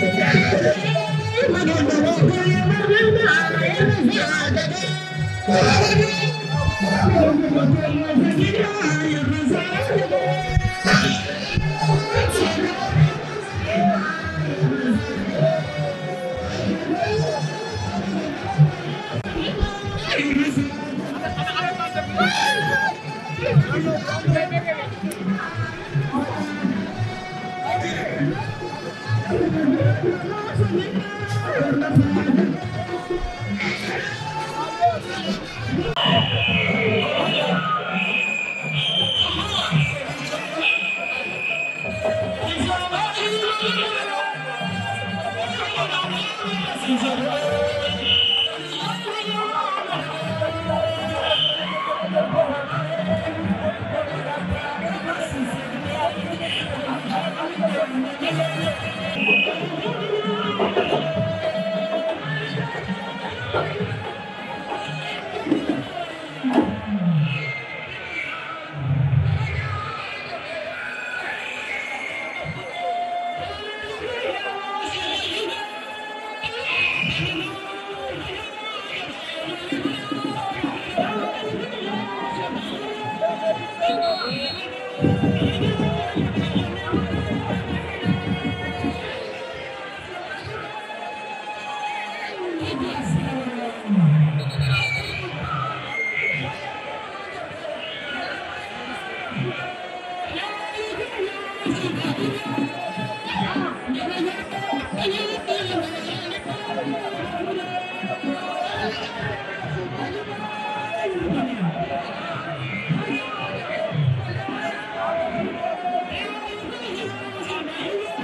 Thank you. Thank you.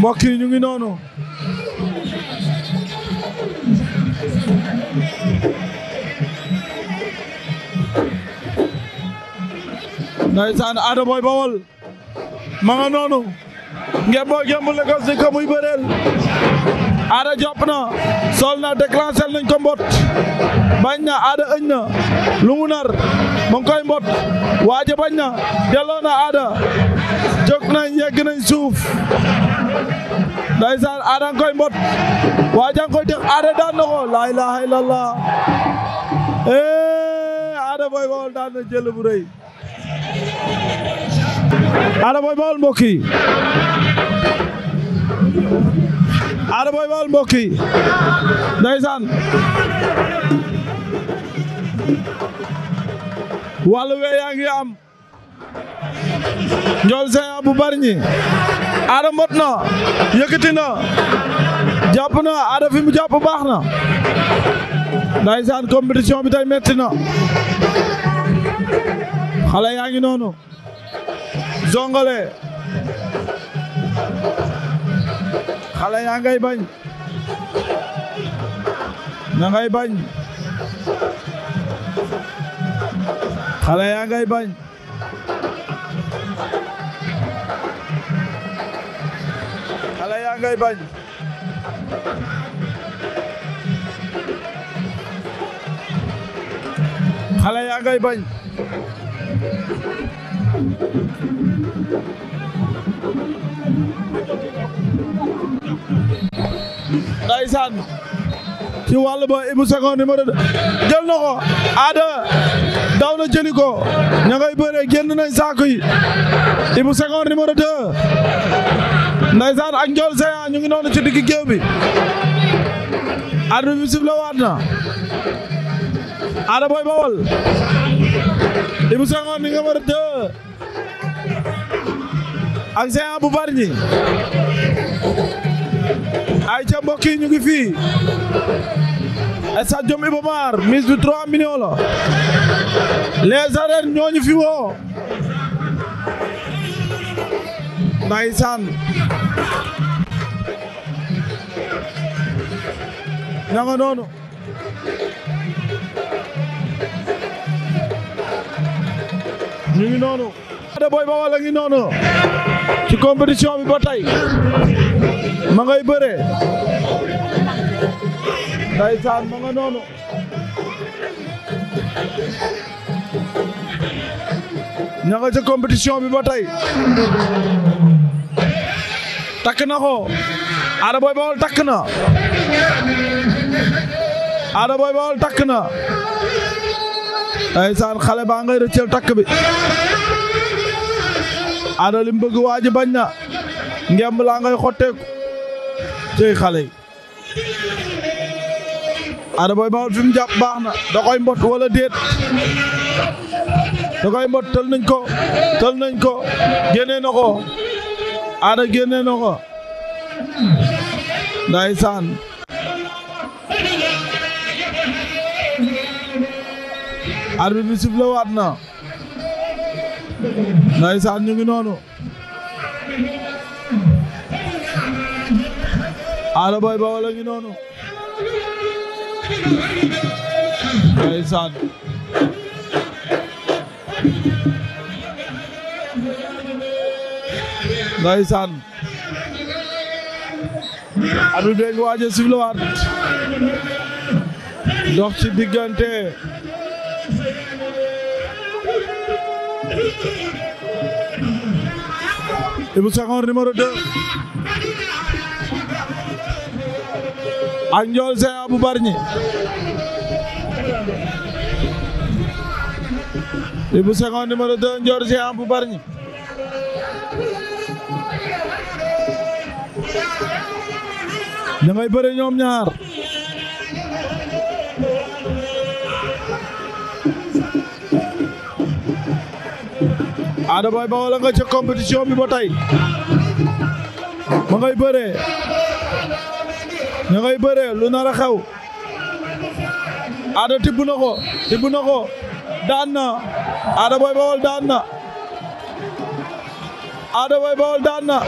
mbokk yi ñu ngi noonu ndaysaan Ada Boy Bawol ma noonu ngeen boo gëmb Lagos ni ko bëreel Ada jàpp na sol na déclenché nañ ko mbot bañ na Ada ëñ na nar mu mbot waaja bañ na delloo Ada jóg nañ yegg nañ suuf ndeysaan aada nga koy mbot waaja nga koy tex aada laa ilaaha illallah ee eh, aada booy bawol daan jël bu rëy aada bawol mbokk yi aada booy bawol am njool seen bu Ada mot na yëkkati na na Ada fi mu jàpp baax na ndaysaan compétition bi tey metti na xale yaa ngi noonu zongale xale yaa ngay bañ na ngay bañ xale yaa ngay bañ ngay bañ xale yaa ngay bañ ndaysaan ci wàll ba Ibou Senghor numéro deux jël na ko Ada daw na jëli ko ña ngay bëre génn nañ saako yi Ibou Senghor numéro deux Ndeysaan ak Ndiol Géant ñu ngi noonu ci digg géew bi arbitre bi sifflé waat na Ada Boy Baol Ibou Senghor ni numéro 2 ak Géant bu Bargny ay ca mbokk ñu ngi fii stade Iba Mar mise bi 3 millions la les arènes ñooñu fi woo ndeysaan ña nga noonu ñu ngi noonu de Boy Baol a ngi noonu ci compétition bi ba tey ma ngay bëre ndeysaan ma nga noonu ña nga ca compétition bi ba tey takk na ko Ada Boy Baol takk na Ada Boy Baol takk na ndeysaan xale baa ngay rëccel takk bi Ada lim bëgg waaji bañ na ngemb laa ngay xotteeku cey xale yi Ada Boy Baol fi mu jàpp baax na da koy mbot wala déet da koy mbot nañ ko tël nañ ko génnee na ko Ada génne na ko ndeysaan arbitre bi sifflé waat na ndeysaan ñu ngi noonu Ada Boy Baol a ngi noonu ndeysaan ndeysaan adu bee ngi waaj a siflewaat dox ci diggante Ibou Senghor numéro 2 ak bu Bargny Ibou numéro 2 bu Bargny ña ngay bëre ñoom ñaar Ada Boy Baol nga ca compétition bi ba tey ma ngay bëre ña ngay bëre lu nar a xew Ada tibb na ko tibb na ko daan na Ada Boy Baol daan na Ada Boy Baol daan na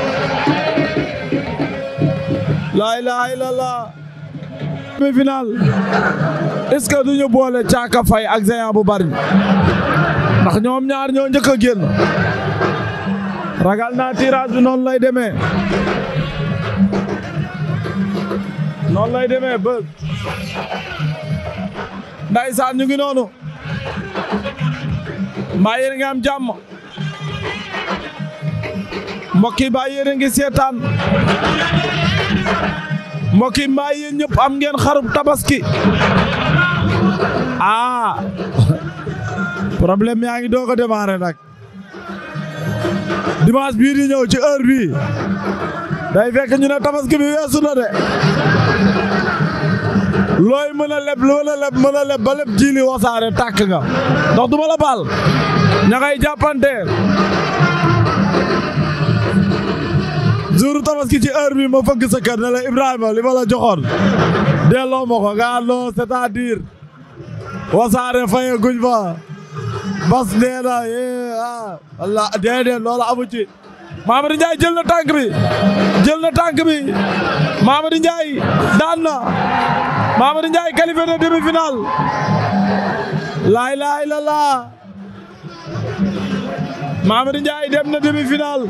laa ilaaha illallah demi-finale ce que duñu boole Caaka Fay ak Géant bu bari ndax ñoom ñaar ñoo njëkk a ragal naa tirage bi noonu lay demee noonu lay demee ba ndaysaan ñu ngi noonu mbaa yéen nga am jàmm mbokk yi mbaa ngi seetaan mbokk yi mbaa yéen ñëpp am ngeen xarub tabaski ah problème yaa ngi doog a démarré nag dimanche bii di ñëw ci heure bii day fekk ñu ne tabaski bi weesu na de looy mën a leb mën a leb ba leb jiili wasaare tàkk nga ndax du la baal ña ngay jour tabaski ci heure bi ma fëgg sa kër ne la Ibrahima li ma la joxoon delloo ma ko nga non cest faye guñ fa bas nee na yee eh, ah walla déedéet loolu amu ci Mamadou Ndiaye jël na tànk bi jël na tànk bi Mamadou Ndiaye daan na Mamadou Ndiaye qualifié na demi-finale laay laay la laa Mamadou Ndiaye demi-finale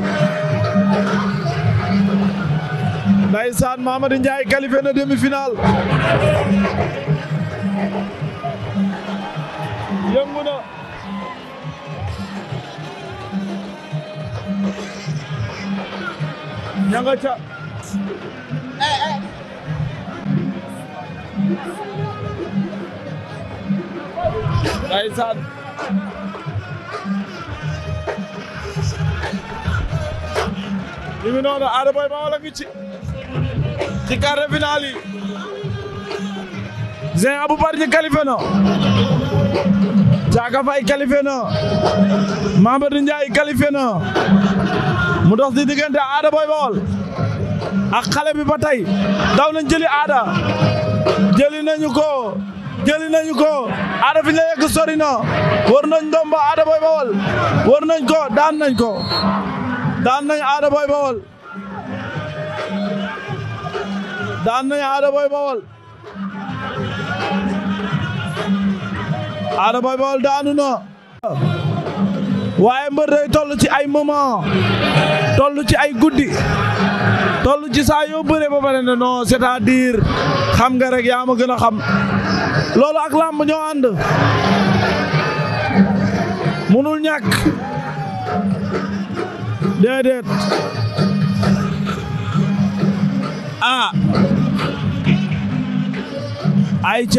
Ndeysaan Mamadou Ndiaye qualifié na demi-finale yëngu na ñanga ca Ndeysaan ñu ngi noonu Ada Boy Baol ci quart de finale yi Dieng Aboubardi qualifié na Thiaka Faye qualifié na Mamadou Ndiaye qualifié na mu dox Ada Boy Baol ak xale bi ba tey daw nañ jëli Ada jëli nañu ko jëli nañu ko Ada fi ñu yegg sori na war nañ ndomba Ada Boy Baol war nañ ko daan nañ ko daan nañ Ada Boy Baol daan nañu Ada Boy Baol Ada Boy Baol daanu na waaye mbër day toll ci ay moment toll ci ay guddi toll ci saa yoo bëree ba pare ne non c'est-à-dire xam nga rek yaa gën a xam loolu ak làmb ñoo ànd munul ñàkk déedéet ah ay